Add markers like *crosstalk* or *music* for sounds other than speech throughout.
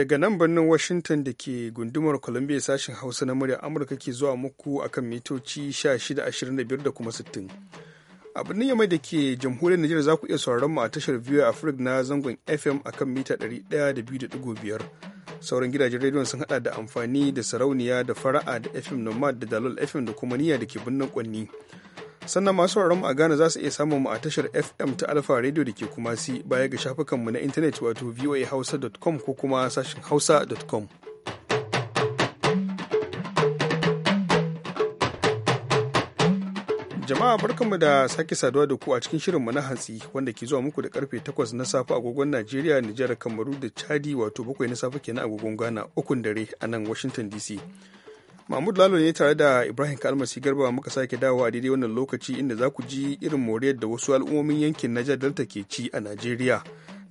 daga nan birnin washington da ke gundumar columbia sashen hausa na murya amurka ke zuwa muku akan mitoci 1625 da kuma 60 a birnin yamai da ke jamhuriyar nigeria za ku iya sauraron mu a tashar a africa na zangon fm akan mita 102.5 sauran gidajen rediyon sun hada da amfani da sarauniya da fara'a da fm nomad da dalol fm da kuma niyya da ke birnin kwanni sannan masu mu a Ghana za su iya samun mu a tashar FM ta Alfa Radio da ke kuma si baya ga shafukanmu na intanet wato voahausa.com ko kuma sashen hausa.com. Jama'a barkanmu da sake saduwa da ku a cikin shirinmu na hantsi wanda ke zuwa muku da karfe 8 na safe agogon Najeriya, Nijar, Kamaru da Chadi wato bakwai na safe kenan agogon Ghana, ukun dare a nan Washington DC. Mahmud Lalo ne tare da Ibrahim Kalmasi Garba muka sake dawowa a daidai wannan lokaci inda za ku ji irin moriyar da wasu al'ummomin yankin Niger Delta ke ci a Najeriya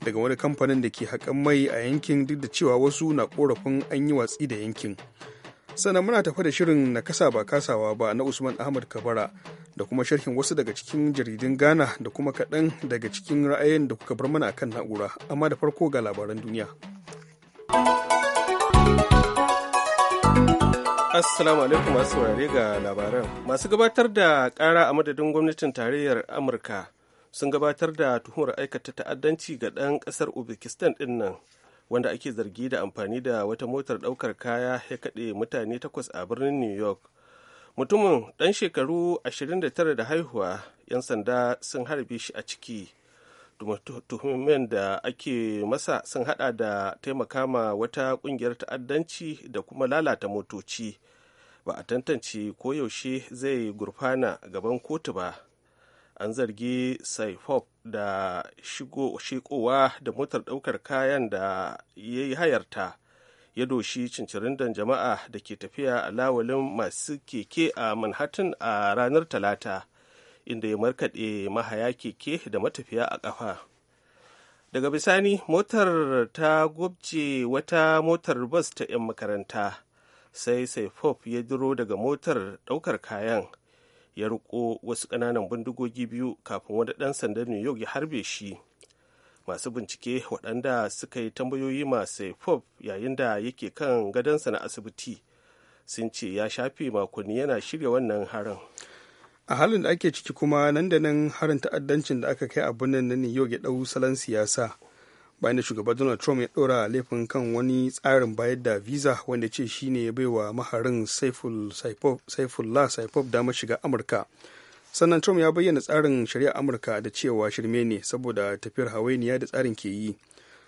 daga wani kamfanin da ke haƙan mai a yankin duk da cewa wasu na korafin an yi watsi da yankin. Sannan muna tafa da shirin na kasa ba kasawa ba na Usman Ahmad Kabara da kuma sharhin wasu daga cikin jaridun Ghana da kuma kaɗan daga cikin ra'ayin da kuka bar mana akan na'ura amma da farko ga labaran duniya. Assalamu alaikum masu saurare ga labaran. Masu gabatar da ƙara a madadin gwamnatin tarayyar Amurka sun gabatar da tuhumar aikata ta'addanci ga ɗan ƙasar Uzbekistan ɗin nan wanda ake zargi da amfani da wata motar ɗaukar kaya ya kaɗe mutane takwas a birnin New York. Mutumin ɗan shekaru 29 da haihuwa 'yan sanda sun harbe shi a ciki. tuhumin da ake masa sun hada da taimaka ma wata kungiyar ta'addanci da kuma lalata motoci ba a tantance koyaushe zai gurfana gaban kotu ba an zargi saifop da shigo shekowa da motar daukar kayan da ya yi hayarta ya doshi cincirindan jama'a da ke tafiya a lawalin masu keke a manhattan a ranar talata inda ya markaɗe mahaya keke da matafiya a ƙafa daga bisani motar ta gubce wata motar bas ta 'yan makaranta sai saifop ya duro daga motar ɗaukar kayan ya riko wasu ƙananan bindigogi biyu kafin wani ɗan sandan new york ya harbe shi masu bincike waɗanda suka yi tambayoyi masu pop yayin da yake kan gadonsa na asibiti sun ce ya shafe makonni yana shirya wannan harin a halin da ake ciki kuma nan da nan harin ta'addancin da aka kai a birnin na new york ya dau salon siyasa bayan da shugaban donald trump ya ɗora laifin kan wani tsarin bayar da visa wanda ce shine ya baiwa maharin saifullah saifof damar shiga amurka sannan trump ya bayyana tsarin shari'a amurka da cewa shirme ne saboda tafiyar hawainiya da tsarin ke yi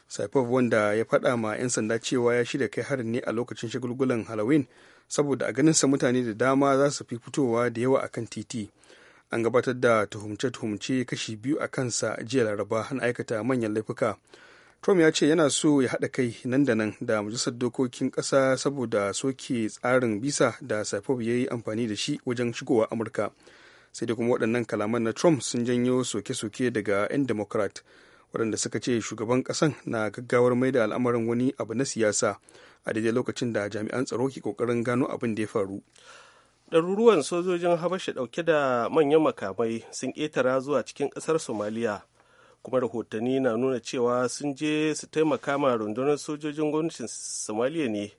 saifof wanda ya faɗa ma 'yan sanda cewa ya shirya kai harin ne a lokacin shagulgulan halloween saboda a ganin sa mutane da dama za su fi fitowa da yawa akan titi an gabatar da tuhumce-tuhumce kashi biyu a kansa jiya laraba na aikata manyan laifuka trump ya ce yana so ya haɗa kai nan da nan da majalisar dokokin ƙasa saboda soke tsarin bisa da saipov ya yi amfani da shi wajen shigowa amurka sai da kuma waɗannan kalaman na trump sun janyo soke-soke daga 'yan democrat waɗanda suka ce shugaban ƙasan na gaggawar mai da al'amarin wani abu na siyasa a daidai lokacin da jami'an tsaro ke kokarin gano abin da ya faru ɗaruruwan sojojin habasha ɗauke da manyan makamai sun ƙetara zuwa cikin ƙasar somaliya kuma rahotanni na nuna cewa sun je su taimaka ma rundunar sojojin gwamnatin somaliya ne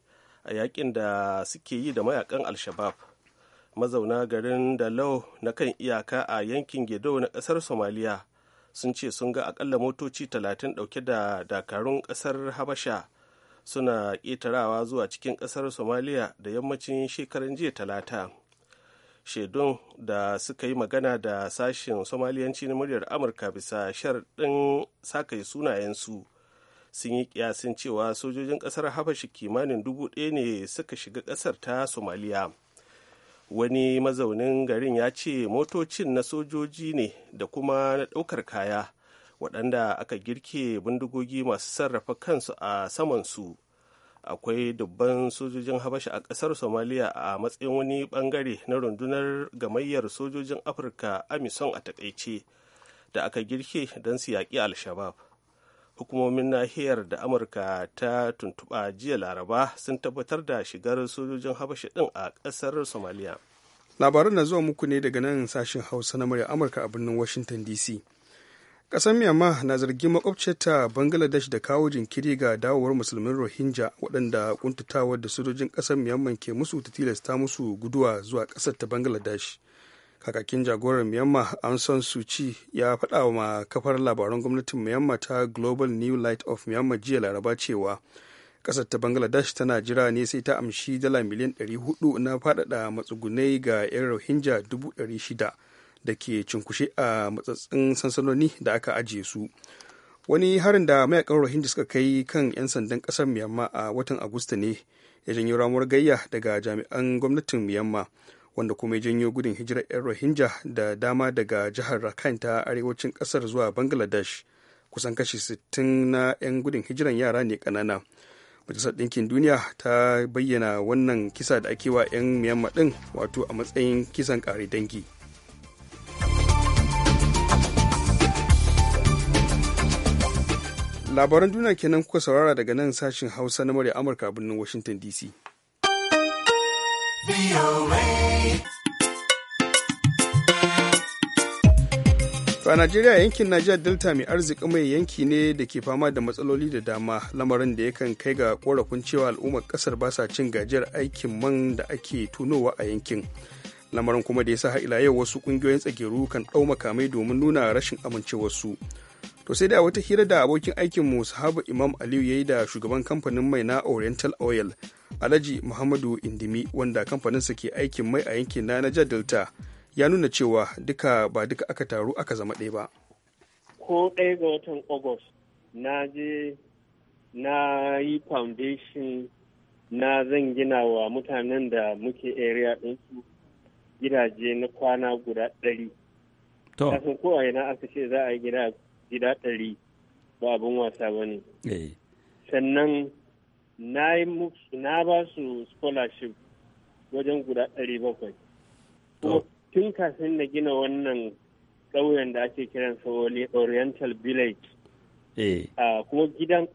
a yakin da suke yi da mayakan alshabab mazauna garin dalau na kan iyaka a yankin gedo na ƙasar somaliya sun ce sun ga akalla motoci talatin ɗauke da dakarun ƙasar habasha suna ƙetarawa zuwa cikin ƙasar somaliya da yammacin shekaran jiya talata shaidun da suka yi magana da sashen somaliyanci na muryar amurka bisa sharɗin sakai sunayensu sun yi kiyasin cewa sojojin ƙasar habashi kimanin dubu ɗaya ne suka shiga ƙasar ta somaliya wani mazaunin garin ya ce motocin na sojoji ne da kuma na ɗaukar kaya waɗanda aka girke bindigogi masu sarrafa kansu a samansu akwai dubban sojojin habasha a ƙasar somaliya a matsayin wani ɓangare na rundunar gamayyar sojojin afirka amison a takaice da aka girke don su yaƙi al-shabab hukumomin nahiyar da amurka ta tuntuɓa jiya laraba sun tabbatar da shigar sojojin habasha ɗin a ƙasar somaliya labaran na zuwa muku ne daga nan sashen hausa na murya amurka a birnin washington dc Ƙasar Myanmar na zargin makwabcinta Bangladesh da kawo jinkiri ga dawowar musulmin Rohingya waɗanda kuntatawar da sojojin ƙasar Myanmar ke musu ta tilasta musu guduwa zuwa ƙasar ta Bangladesh. Kakakin jagorar Myanmar an San Suu Kyi ya faɗa ma kafar labaran gwamnatin Myanmar ta Global New Light of Myanmar jiya Laraba cewa ƙasar ta Bangladesh tana jira ne sai ta amshi dala miliyan 400 na faɗaɗa matsugunai ga 'yan Rohingya shida. da ke cunkushe a matsatsin sansanoni da aka ajiye su wani harin da mayakan rohingya suka kai kan 'yan sandan kasar myanmar a watan agusta ne ya janyo ramuwar gayya daga jami'an gwamnatin myanmar wanda kuma ya janyo gudun hijirar 'yan rohingya da dama daga jihar rakhine ta arewacin kasar zuwa bangladesh kusan kashi 60 na 'yan gudun hijiran yara ne kanana majalisar ɗinkin duniya ta bayyana wannan kisa da ake wa 'yan myanmar ɗin wato a matsayin kisan ƙare dangi labaran duniya kenan kuka saurara daga nan sashin hausa na murya amurka a birnin washington dc a najeriya yankin najeriya delta mai arziki mai yanki ne da ke fama da matsaloli da dama lamarin da yakan kai ga korafin cewa al'ummar kasar ba sa cin gajiyar aikin man da ake tunowa a yankin lamarin kuma da ya sa ila yau wasu kungiyoyin tsageru kan ɗau makamai domin nuna rashin amincewarsu su to sai da wata hira da abokin aikin mu sahabu imam aliyu ya yi da shugaban kamfanin mai na oriental oil alhaji muhammadu indimi wanda kamfaninsa ke aikin mai a yankin na niger delta ya nuna cewa duka ba duka aka taru aka zama ɗaya ba ko ɗaya ga watan august na je na yi foundation na zan gina wa mutanen da muke area ɗinsu gidaje na kwana guda ɗari. To. Kasan kowa yana aka ce za a yi gida gida ɗari ba abin wasa ba ne eh. sannan na ba su scholarship wajen guda ɗari bakwai tun kafin na gina wannan ƙauyen da ake kiran kiransa oriental village eh. kuma gidan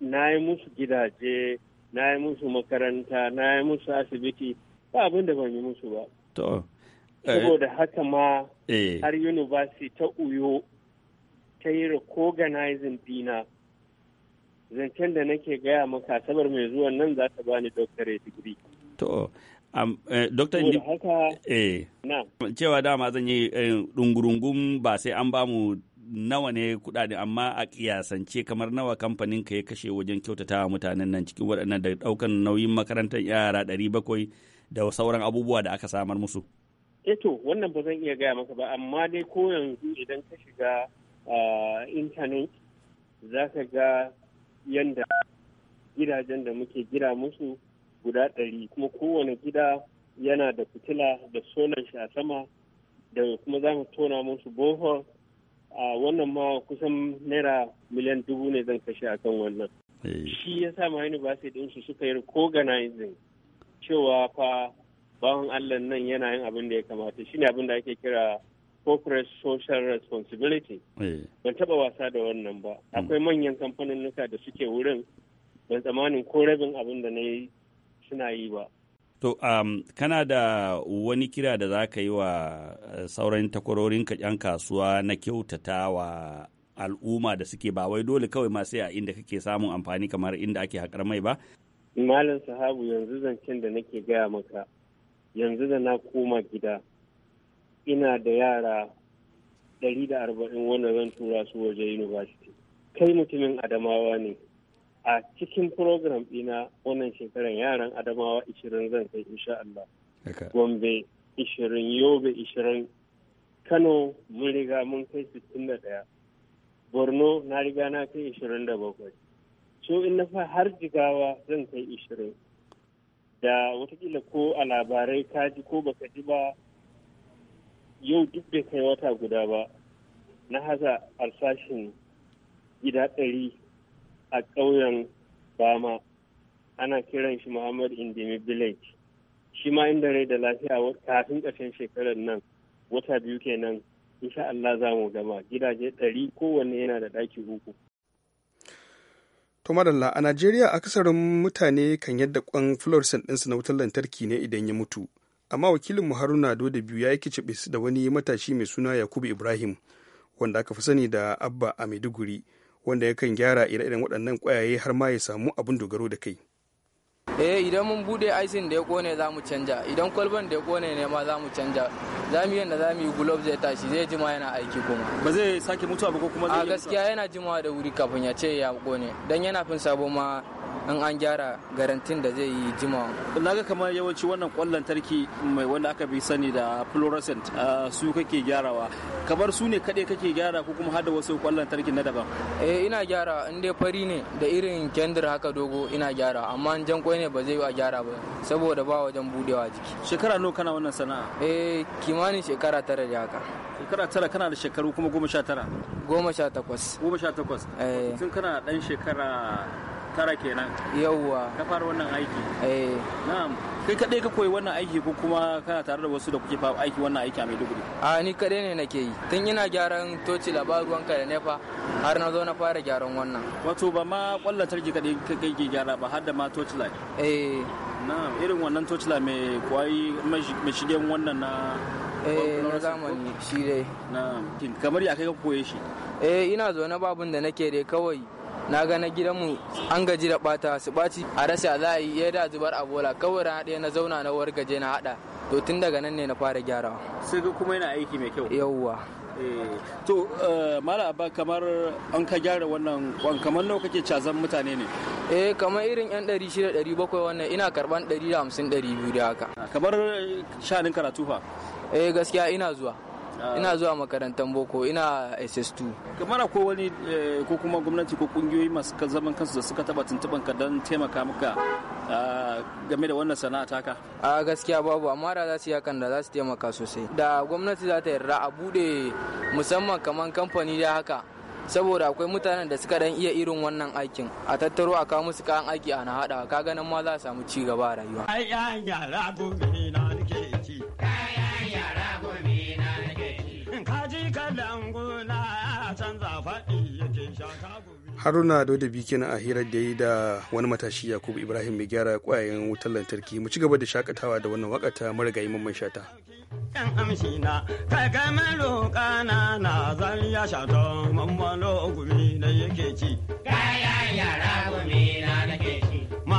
na yi musu gidaje na yi musu makaranta na yi musu asibiti ba abin da ban yi musu ba eh. saboda haka ma har university ta uyo ta yi recognizing dina zancen da nake gaya maka sabar mai zuwa nan za ta bani eh, doctor a to Um, eh, Dokta Indi, eh, cewa dama zan yi eh, rungurungun ba sai an bamu nawa ne kuɗaɗe amma a kiyasance kamar nawa kamfanin ka ya kashe wajen kyautata wa mutanen nan cikin waɗannan da ɗaukan nauyin makarantar yara ɗari bakwai da sauran abubuwa da aka samar musu. Eto eh wannan ba zan iya gaya maka ba amma dai ko yanzu idan ka shiga intanet za ka ga yadda gidajen da muke gida musu guda ɗari kuma kowane gida yana da fitila da solar shi a sama da kuma za mu tona musu bohol a wannan ma kusan naira miliyan dubu ne zan kashe a kan wannan eh. shi ya sa ma university da su suka yi organizing cewa fa bawan allah nan yana yin abin da ya kamata shine abin da ake kira corporate social responsibility eh. ban taba wasa da wannan ba hmm. akwai manyan kamfanin nuka da suke wurin ban tsamanin ko rabin abin da na yi suna yi ba to um, kana da wani kira da za ka yi wa eh, sauran takwarorin 'yan kasuwa na kyautata wa al'umma da suke ba wai dole kawai ma sai a inda kake samun amfani kamar inda ake haƙar mai ba malam sahabu yanzu zancen da nake gaya maka yanzu da na koma gida ina da yara 140 wanda zan tura su waje university kai mutumin adamawa ne a cikin program ɗina wannan shekaran yaran adamawa 20 zan kai insha Allah gombe 20 yobe 20 kano mun riga mun kai 61 borno na riga na kai 27 so in na har jigawa zan kai 20 da watakila ko a labarai kaji ko baka ji ba yau duk bai kai wata guda ba na haza alfashin gida ɗari a ƙauyen bama ana kiran shi muhammad indimi village shi ma inda rai da lafiya kafin ƙarshen shekarar nan wata biyu kenan insha Allah za mu gama gidaje ɗari kowanne yana da ɗaki uku To madalla a Najeriya akasarin mutane kan yadda kwan fluorescent ɗinsu na wutar lantarki ne idan ya mutu. amma wakilin mu haruna da biyu ya yi kicibis da wani matashi mai suna yakubu ibrahim wanda aka fi sani da abba a maiduguri wanda yakan gyara ire-iren waɗannan ƙwayaye har ma ya samu abin dogaro da kai eh idan mun bude icing da ya kone za mu canja idan kwalban da ya kone ne ma za mu canja za mu yanda za mu yi gulob zai tashi zai jima yana aiki kuma ba zai sake mutuwa ba ko kuma zai a gaskiya yana jimawa da wuri kafin ya ce ya kone dan yana fin sabo ma in an gyara garantin da zai yi jimawa. Na ga kamar yawanci wannan kwallon lantarki mai wanda aka bi sani da fluorescent ah, su kake gyarawa. Kamar su ne kaɗai kake gyara ko kuma hada wasu kwallon lantarki na daban? Eh ina gyara in dai fari ne da irin kendir haka dogo ina gyara amma jan kwai ne ba zai yi a gyara ba saboda ba wajen budewa jiki. Shekara nawa kana wannan sana'a? Eh kimanin shekara tara da haka. Shekara tara kana da shekaru kuma goma sha tara? Goma sha takwas. Goma sha takwas. Eh. Tun kana ɗan shekara tara kenan yawwa ka fara wannan aiki eh na'am kai kadai ka koyi wannan aiki ko kuma kana tare da wasu da kuke fa aiki wannan aiki a Maiduguri a ni kadai ne nake yi tun ina gyaran toci labaruwan ka da nefa har na zo na fara gyaran wannan wato ba ma kwallon tarki kadai kai ke gyara ba har da ma toci la. eh na'am irin wannan toci la mai kwai mai shigen wannan na eh na zamani shi dai na'am kamar ya kai ka koye shi eh ina zo na babun da nake dai kawai na ga na gidanmu an gaji da bata su baci a rasa za a yi ya da zubar a bola kawai rana ɗaya na zauna na gaje na haɗa to tun daga nan ne na fara gyarawa sai ga kuma yana aiki mai kyau yawwa eh, to eh, mala abba kamar an ka gyara wannan kwan kamar nawa kake cazan mutane ne eh kamar irin yan 600 700 wannan ina karban 150 200 da haka kamar eh, shanin karatu fa eh gaskiya ina zuwa Ah. ina zuwa makarantar boko ina ss2 kamar ko wani eh, ko kuma gwamnati ko kungiyoyi masu zaman kansu da suka taba tuntuban ka don taimaka maka ah, game da wannan sana'a taka a gaskiya babu amma da za su yi hakan da za su taimaka sosai da gwamnati za ta yarda a bude musamman kamar kamfani da haka saboda akwai mutanen da suka dan iya irin wannan aikin a tattaro a kawo musu kayan aiki ana hada ka ganin ma za a samu ci gaba a rayuwa ai ya na nake haruna da bi kenan a hirar da yi da wani matashi yakubu ibrahim mai gyara kwayayen wutar lantarki mu ci gaba da shakatawa da wannan waka ta marigayi mai shata yan amshi na kai kai maro kana na zariya shato mamman gumi da yake ci gaya yara gumi na nake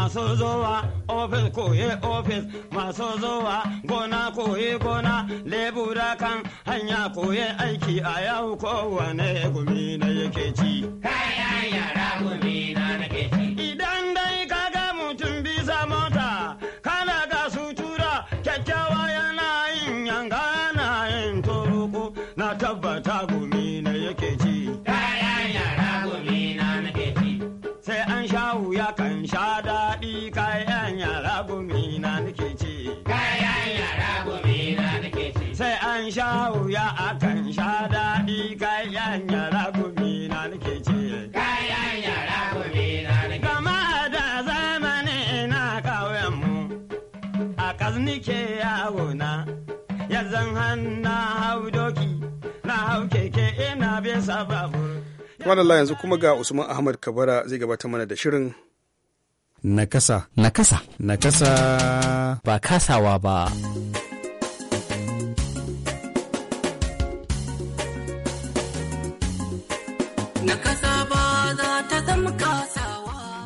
masu zuwa ofis koye ofis masu zuwa gona koye gona lebura kan hanya koye aiki a yau kowane gumi na yake ci. Kayan yara gumi na daɗi kayan yara gumi na nake ci. Kayan yara gumi na nake ci. Sai an sha wuya akan sha daɗi kayan yara gumi na nake ci. Kayan yara gumi na nake ci. Kama da zamani na ƙauyenmu a ƙaznike yawo na. Yanzan hannu hau doki na hau keke ina bisa sababu. Wannan yanzu kuma ga Usman Ahmad Kabara zai gabatar mana da shirin Nakasa. Nakasa. Nakasa. Ba kasawa ba.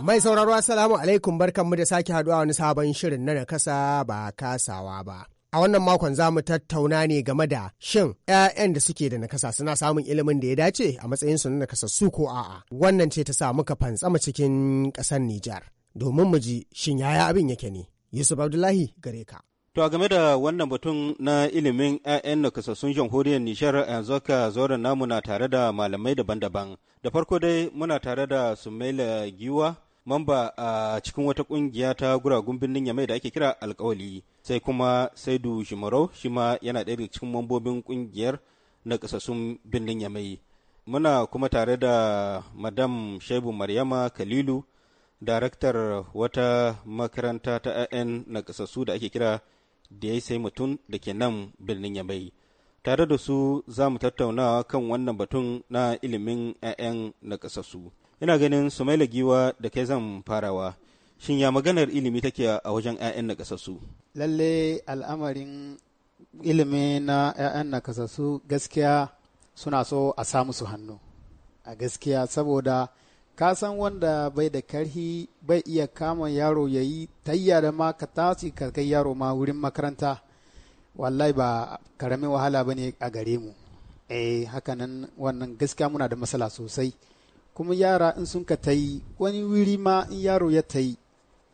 Mai sauraro Assalamu alaikum barkanmu da sake haduwa wani sabon shirin na nakasa ba kasawa ba. A wannan makon za mu tattauna ne game da shin 'ya'yan da suke da nakasa suna samun ilimin da ya dace a matsayin su na nakasassu ko a'a. Wannan ce ta sa muka fantsama cikin ƙasar Nijar. domin mu ji shin yaya abin yake ne yusuf abdullahi gare ka To a game da wannan batun na ilimin 'ya'yan nakasassun jamhuriyar Nishar yanzu ka zora namu na tare da malamai daban-daban. Da farko dai muna tare da Sumaila Giwa, mamba a cikin wata kungiya ta guragun birnin Yamai da ake kira alkawali. Sai kuma Saidu Shimarau, shi ma yana ɗaya daga cikin mambobin kungiyar nakasassun birnin Yamai. Muna kuma tare da Madam Shaibu Maryama Kalilu, daraktar wata makaranta ta 'ya'yan nakasassu da ake kira da ya sai mutum da ke nan birnin yamai tare da su za mu tattauna kan wannan batun na ilimin 'ya'yan nakasassu ina ganin sumaila giwa da kai zan farawa shin ya maganar ilimi take a wajen 'ya'yan nakasassu lalle al'amarin ilimi na 'ya'yan nakasassu gaskiya suna so a samu su hannu a gaskiya saboda ka san wanda bai da karhi bai iya kama yaro ya yi tayya da ma ka tasi ka kai yaro ma wurin makaranta wallahi ba karamin wahala ba ne a gare mu eh hakanan wannan gaskiya muna da matsala sosai kuma yara in sun ka ta yi wani wuri ma in yaro ya ta yi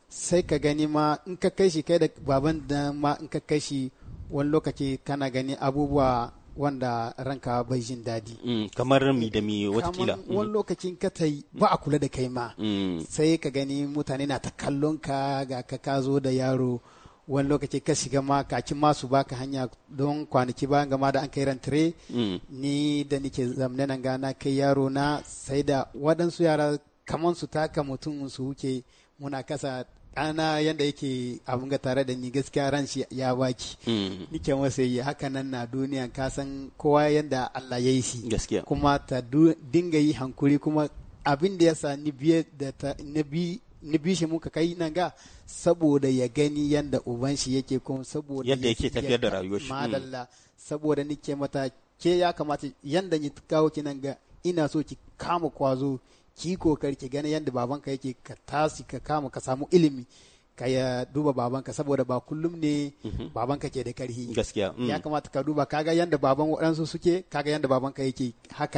sai ka gani ma in ka kai shi kai da baban da ma in ka kai shi wani lokaci kana gani abubuwa wanda ranka bai jin daɗi. Mm, kamar mi da mi watakila wani mm. lokacin ka ta ba a kula da kai ma mm. sai ka gani mutane na ta kallon ka ga ka ka zo da yaro wani lokaci ka shiga ma kakin masu baka hanya don kwanaki ba gama da an kai rantare ni da nike zamne nan gana kai yaro na sai da waɗansu yara kamar su taka mutum su wuce muna kasa ɗana yadda yake abin ga tare da ni gaskiya ran shi ya baki mm. nike masa yi haka nan na duniya ka san kowa yadda Allah ya yi shi gaskiya kuma ta dinga yi hankuri kuma abin da ya sa ni biye da ta bi ni bi shi muka kai nan ga saboda ya gani yadda uban shi yake kuma saboda yadda yake tafiyar da rayuwar shi mm. madalla saboda nike mata ke ya kamata yadda ni kawo ki nan ga ina so ki kama kwazo ki kokari ki gani yadda babanka yake ka tasi ka kama ka samu ilimi ka ya duba babanka saboda ba kullum ne mhm. babanka ke da karhi gaskiya mm. ya kamata ka duba kaga yadda baban waɗansu suke kaga yadda babanka yake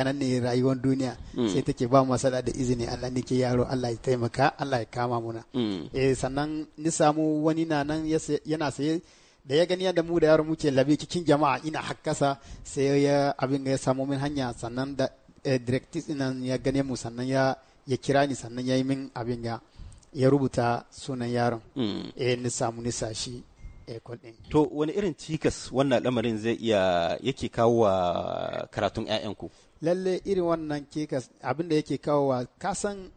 nan ne rayuwar duniya mm. sai take ba masala da izini Allah ne ke yaro Allah ya taimaka Allah ya kama muna mm. eh sannan ni samu wani na nan yana saye da ya gani yadda mu da yaro muke labe cikin jama'a ina hakkasa sai ya abin ya samu min hanya sannan da Eh, directis ɗinan ya gane mu sannan ya ya kira ni sannan ya yi min abin ya ya rubuta sunan yaron hmm. eh ni samu ni sashi kwalɗin. to wani irin cikas wannan lamarin zai iya yake kawo wa karatun ƴaƴanku lalle irin wannan cikas abin da yake kawo wa kasan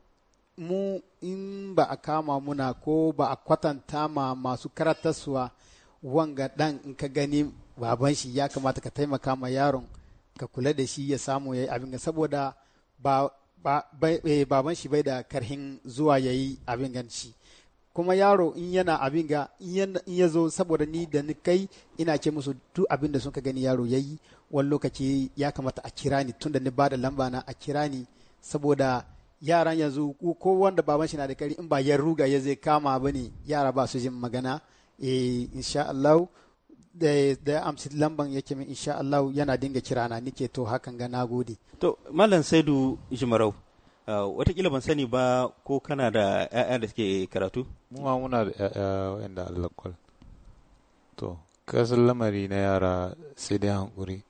mu in ba a kama muna ko ba a kwatanta ma masu karatarsuwa wanga dan in ka gani baban shi ya kamata ka taimaka ma yaron ka kula da shi ya samu ya yi abin saboda eh, baban shi bai da karhin zuwa ya yi abin gan shi kuma yaro in yana abin ga in ya zo saboda ni da ni kai ina ce musu duk abin da sun ka gani yaro ya yi wani lokaci ya kamata a kira ni tun da ni ba da lamba na a kira ni saboda yaran yanzu ko wanda baban shi na da kari in ba ya ruga ya zai kama ba ne yara ba su jin magana eh insha Allah da amsi lamban yake min insha Allah yana dinga na nike to hakan ga nagode to malam saidu jimarau uh, watakila ban sani ba ko kana da 'ya'ya da suke karatu muwa muna da 'ya'ya wa'anda allakwal to kasan lamari na yara sai dai hankuri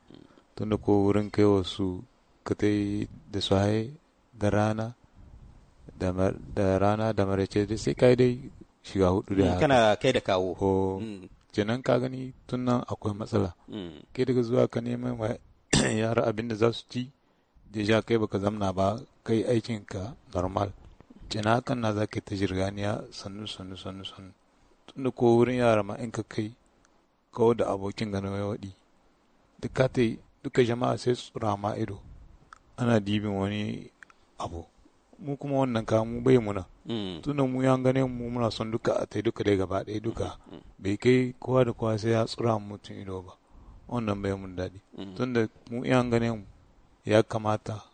tunda ko wurin kai wasu ka da su hai da rana da rana da marace sai kai dai shiga hudu da mm, kana kai da kawo kenan ka gani tun nan akwai matsala hmm. kai daga zuwa ka neman wa *clears throat* yara abin da za su ci deja kai baka zamna ba kai aikin ka normal kenan hakan na za ka ta jirganiya sannu sannu sannu sannu tun da ko wurin yara ma in ka kai kawo da abokin gano ya waɗi duka ta duka jama'a sai tsura ma ido ana dibin wani abu mu kuma wannan ka mu bai muna mm. tunda mu ya gane mu muna son duka a tai duka dai gaba ɗaya duka mm. bai kai kowa da kowa sai ya tsura mutum ido ba wannan bai mun daɗi mm. tunda mu ya gane mu ya kamata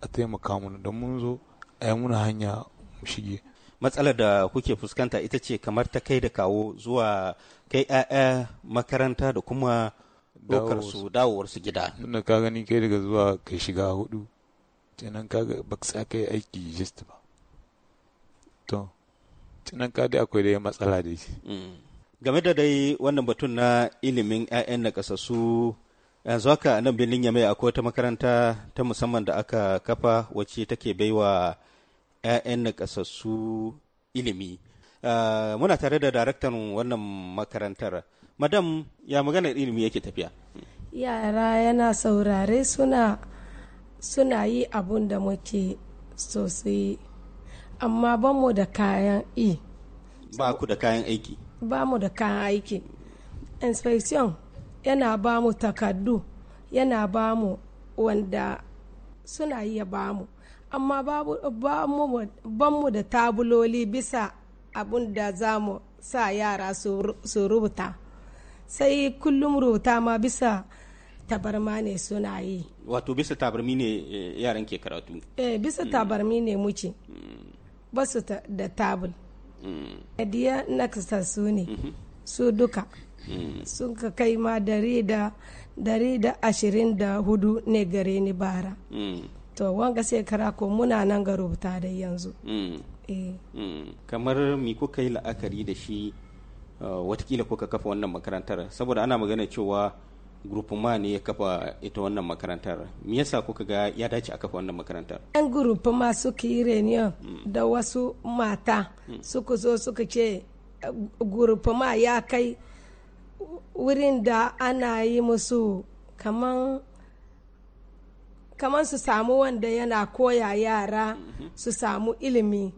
a taimaka mana da mun zo a yi muna hanya mu shige matsalar da kuke fuskanta ita ce kamar ta kai da kawo zuwa kai 'ya'ya makaranta da kuma dokar su dawowar su gida tunda ka gani kai daga zuwa kai shiga hudu Cinan ka ba ka yi aiki just ba to kenan ka dai akwai dai matsala da shi mm. game da dai wannan batun na ilimin 'ya'yan na kasassu yanzu haka nan birnin yamai akwai ta makaranta ta musamman da aka kafa wacce take baiwa 'ya'yan na kasassu ilimi ah, muna tare da daraktan wannan makarantar madam ya magana ilimi yake tafiya yara yana saurare suna suna yi abun da muke sosai amma ba mu da kayan i ba ku da kayan aiki ba mu da kayan aiki inspection yana ba mu takardu yana ba mu wanda suna yi ba mu amma ba mu da tabuloli bisa abun da za mu sa yara su rubuta sai kullum rubuta ma bisa tabarma ne suna yi wato bisa tabarmi ne eh, yaran ke karatu eh bisa mm. tabarmi ne muke mm. ba su da tabul mm. diya na su ne mm-hmm. su duka sun ka kai ma dari da dari da ashirin da hudu ne gare ni bara to wanga kara ko muna nan ga rubuta da yanzu eh. kamar mi kuka yi la'akari da shi eh, watakila kuka kafa wannan makarantar saboda ana magana cewa ma ne ya kafa ita wannan makarantar. Me yasa kuka ga ya dace a kafa wannan makarantar? Yan ma suka yi reunion mm. da wasu mata mm. suka zo suka ce ma ya kai wurin da ana yi musu kaman kaman su samu wanda yana koya yara mm-hmm. su samu ilimi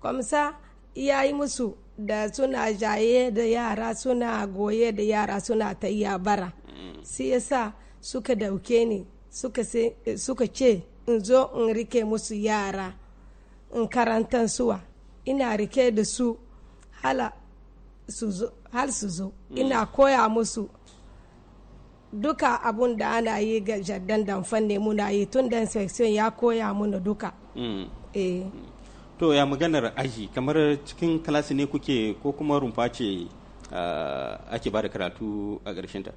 kwamsa ya yi musu da suna jaye da yara suna goye da yara suna ta bara sai sa suka dauke ni suka ce in zo in rike musu yara in karantar suwa ina rike da su hal su zo ina koya musu duka abun da ana yi ga jardin damfan ne muna yi tun da section ya koya muna duka mm. eh. to ya maganar aji kamar cikin kalasi ne kuke ko kuma rumfa ce ah, ake ba da karatu a ƙarshen ta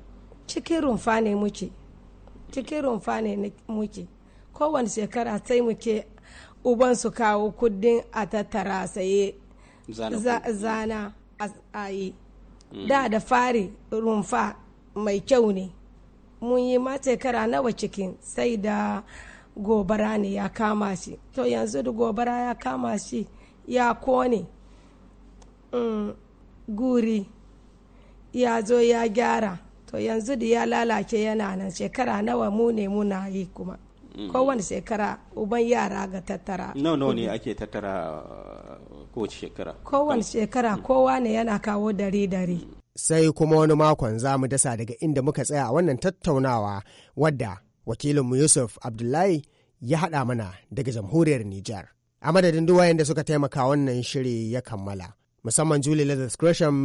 cikin rumfa ne muke cikin rumfa ne muke kowane shekara sai muke uban su kawo kudin a tattara saye zana a yi mm. da da fari rumfa mai kyau ne mun yi ma shekara nawa cikin sai da gobara ne ya kama shi to yanzu da gobara ya kama shi ya kone mm, guri ya zo ya gyara to yanzu da ya lalace yana nan shekara nawa mu ne muna yi kuma mm. kowane shekara uban yara ga tattara nawa ne ake tattara uh, kowace shekara kowane shekara mm. kowa ne yana kawo dare dare. Mm. sai kuma wani makon za mu dasa daga inda muka tsaya a wannan tattaunawa wadda wakilinmu yusuf abdullahi ya haɗa mana daga jamhuriyar nijar a madadin duwayen da suka taimaka wannan shiri ya kammala musamman julie lathers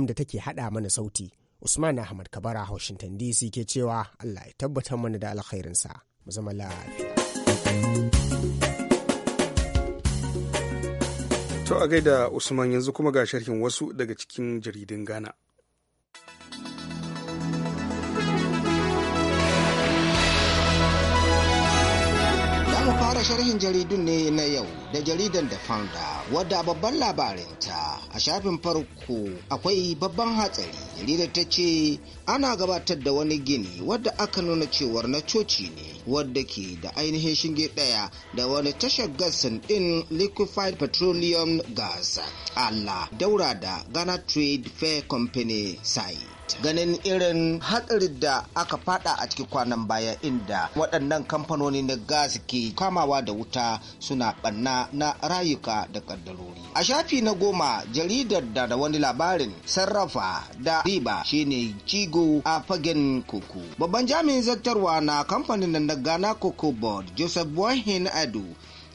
da take haɗa mana sauti Usman Ahmad Kabara Washington DC ke cewa Allah ya tabbatar mana da alkhairinsa mu zama lafiya. To a gaida Usman yanzu kuma ga sharhin wasu daga cikin jaridun Ghana. mu fara sharhin jaridun ne na yau da jaridan da founder wadda babban labarinta a shafin farko akwai babban hatsari jaridar ta ce ana gabatar da wani gini wadda aka nuna cewar na coci ne wadda ke da ainihin shinge daya da wani tashar gas ɗin liquefied petroleum gas allah daura da ghana trade fair company sai ganin irin hatsarin da aka fada a cikin kwanan baya inda waɗannan kamfanoni na gas ke kamawa da wuta suna ɓanna na rayuka da kaddarori a shafi na goma jaridar da da wani labarin sarrafa da riba shine cigo a fagen koko babban jami'in zartarwa na kamfanin na ghana cocoa board joseph boyhin ado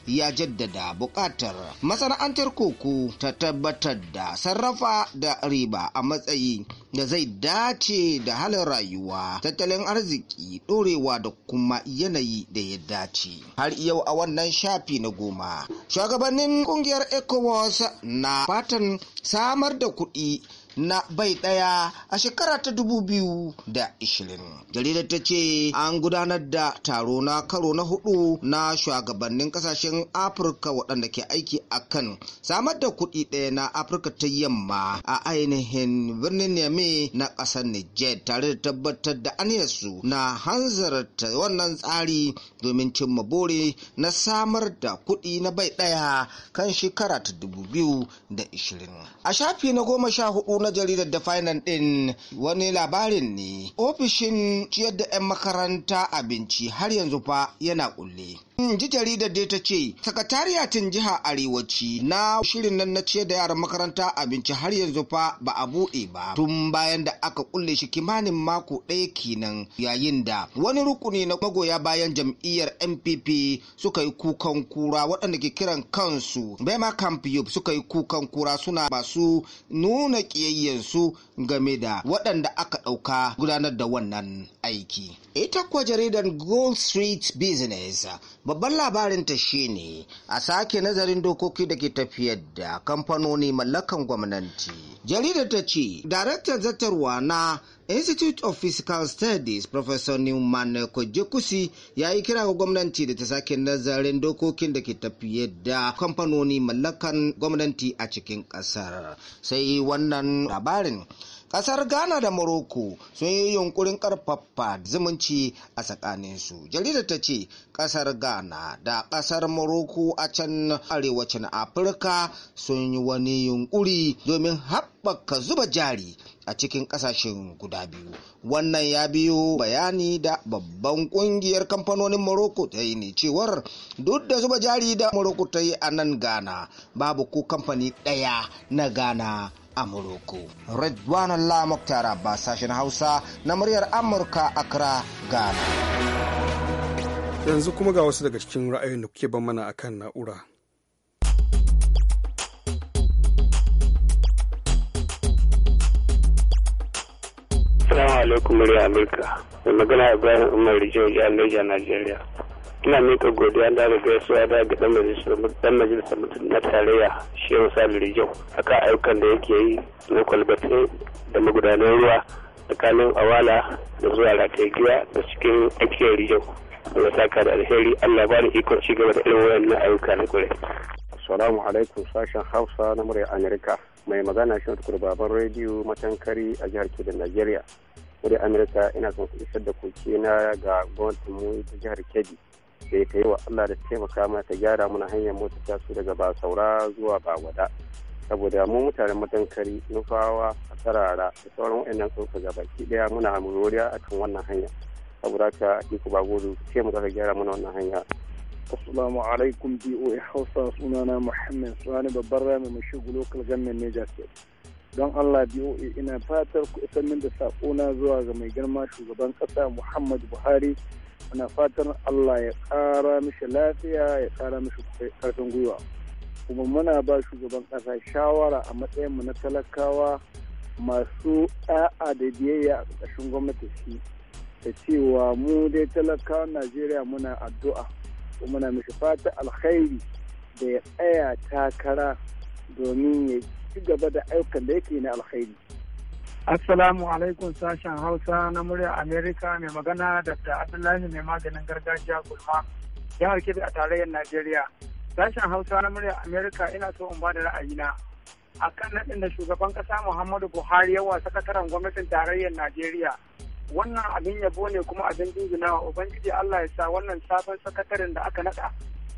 ya jaddada buƙatar masana'antar koko ta tabbatar da sarrafa da riba a matsayi da zai dace da halin rayuwa tattalin arziki ɗorewa da kuma yanayi da ya dace har yau a wannan shafi na goma shugabannin kungiyar ecowas na fatan samar da kuɗi na bai ɗaya a shekara ta dubu biyu da ishirin. Jaridar ta ce an gudanar da taro na karo na hudu na shugabannin kasashen Afirka waɗanda ke aiki a kan samar da kuɗi ɗaya na Afirka ta yamma a ainihin birnin yame na ƙasar nijer tare da tabbatar da aniyarsu na hanzarta wannan tsari domin cimma bore na samar da kuɗi na bai ɗaya kan shekara ta ishirin. A shafi na goma sha hudu na jaridar Defiant ɗin wani labarin ne. Ofishin ciyar da 'yan makaranta abinci har yanzu fa yana kulle. ji jaridar dai ta ce sakatariyatin jiha arewaci na shirin nan na ce da yaran makaranta abinci har yanzu fa ba a buɗe ba tun bayan da aka kulle shi kimanin mako ɗaya kenan yayin da wani rukuni na magoya bayan jam'iyyar npp suka yi kukan kura waɗanda ke kiran kansu bema camp suka yi kukan kura suna basu nuna ƙiyayyansu game da waɗanda aka ɗauka gudanar da wannan aiki ita kuwa jaridar gold street business Babban labarinta shi ne a sake nazarin dokoki da ke tafiyar da kamfanoni mallakan gwamnati. Jaridar ta ce, Daraktan zartarwa na Institute of Physical Studies Professor Newman Kojekusi ya yi kira ga gwamnati da ta sake nazarin dokokin da ke tafiye da kamfanoni mallakan gwamnati a cikin ƙasar. Sai wannan labarin kasar ghana da morocco sun yi yunkurin karfafa zumunci a tsakaninsu jarida ta ce kasar ghana da kasar morocco a can arewacin afirka sun yi wani yunkuri domin haɓaka zuba jari a cikin kasashen guda biyu wannan ya biyo bayani da babban kungiyar kamfanonin morocco ta yi ne cewar duk da zuba jari da morocco ta yi a nan ghana babu ko kamfani ɗaya na ghana a Morocco. Redwan Allah Mokhtar Abbas sashen Hausa na muryar Amurka Accra, Ghana. Yanzu kuma ga wasu daga cikin ra'ayin da kuke ban mana akan na'ura. Assalamu alaikum murya Amurka. magana Ibrahim Umar Rijiyar Jihar Najeriya. ina mika godiya da da gaisuwa da ga dan majalisar na tarayya shehu sami jau akan ayyukan da yake yi na kwalbate da magudanar ruwa tsakanin awala da zuwa ratagiya da cikin akiyar rijau da saka da alheri allah ba da ikon ci gaba da irin na ayyuka na kure salamu alaikum sashen Hausa na murya Amerika. Mai magana shi tukur baban rediyo matankari a jihar Kebbi, nigeria. kuri amurka ina son ku isar da koke na ga gwamnatin mu ta jihar kebbi da ya yi wa allah da taimaka mana ta gyara mana hanyar mota ta su daga saura zuwa ba wada saboda mu mutanen matankari nufawa a sarara da sauran wa'annan tsoka ga baki daya muna amuriya kan wannan hanya saboda ka yi ku ba gudu taimaka ka gyara mana wannan hanya Assalamu alaikum BOA Hausa sunana Muhammad Sani babban rami mai shigulo kalgan Niger State. don Allah BOA ina fatar ku isa min da saƙona zuwa ga mai girma shugaban ƙasa Muhammadu Buhari ina fatar Allah ya ƙara mishi lafiya ya ƙara mishi ƙarfin gwiwa kuma muna ba shugaban ƙasa shawara a matsayin mu na talakawa masu ɗa'a da biyayya a ƙarƙashin gwamnati shi da cewa mu dai talakawan Najeriya muna addu'a kuma muna mishi fata alkhairi da ya tsaya takara domin ya ci gaba da aikin da yake na alkhairi. Assalamu alaikum sashen Hausa na murya Amerika mai magana da Abdullahi mai maganin gargajiya gulma jihar Kebbi a tarayyar Najeriya. Sashen Hausa na murya Amerika ina so in ba da ra'ayina. A kan naɗin da shugaban ƙasa Muhammadu Buhari yawa sakataren gwamnatin tarayyar Najeriya. Wannan abin yabo ne kuma abin jinjinawa Ubangiji Allah ya sa wannan sabon sakatarin da aka naɗa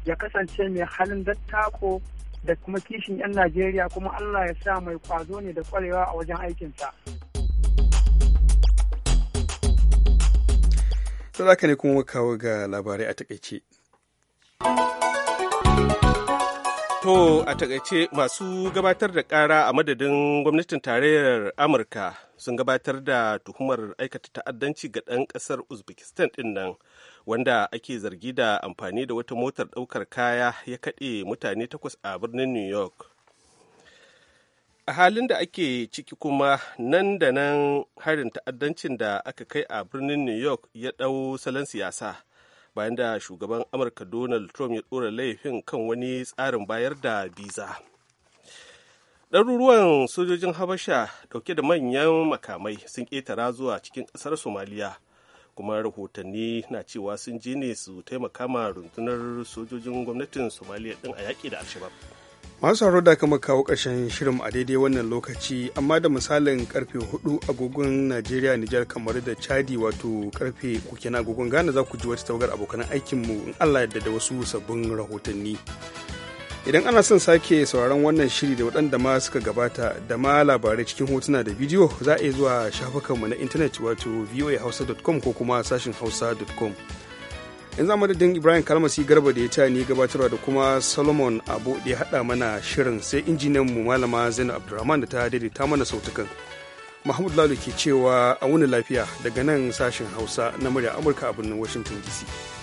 ya kasance mai halin dattako da kuma kishin 'yan Najeriya kuma Allah ya sa mai kwazo ne da kwarewa a wajen aikinsa. Sadaka ne kuma kawo ga labarai a takaice. To a takaice masu gabatar da ƙara a madadin gwamnatin tarayyar Amurka sun gabatar da tuhumar aikata ta'addanci ga ɗan ƙasar Uzbekistan ɗin nan. wanda ake zargi da amfani da wata motar ɗaukar kaya ya kaɗe mutane takwas a birnin new york a halin da ake ciki kuma nan da nan harin ta'addancin da aka kai a birnin new york ya ɗau salon siyasa bayan da shugaban amurka donald trump ya ɗora laifin kan wani tsarin bayar da biza ɗaruruwan sojojin habasha ɗauke da manyan makamai sun ƙetara zuwa cikin ƙasar somaliya kuma rahotanni na cewa sun je ne su taimaka ma rundunar sojojin gwamnatin somaliya din a yaƙi da alshabab masu haro da kama kawo ƙarshen shirin a daidai wannan lokaci amma da misalin karfe 4 agogon najeriya nijar kamar da chadi wato karfe uku na agogon ghana za ku ji wata tawagar abokan aikinmu in allah yadda da wasu sabbin rahotanni idan ana son sake sauraron wannan shiri da waɗanda ma suka gabata da ma labarai cikin hotuna da bidiyo za a yi zuwa shafukanmu na intanet wato voahausa.com ko kuma sashin hausa.com za madadin ibrahim kalmasi garba da ya ta ni gabatarwa da kuma solomon abu da ya haɗa mana shirin sai injiniyan mu malama zainab abdulrahman da ta daidaita mana sautukan mahmud lalu ke cewa a wuni lafiya daga nan sashin hausa na murya amurka a birnin washington dc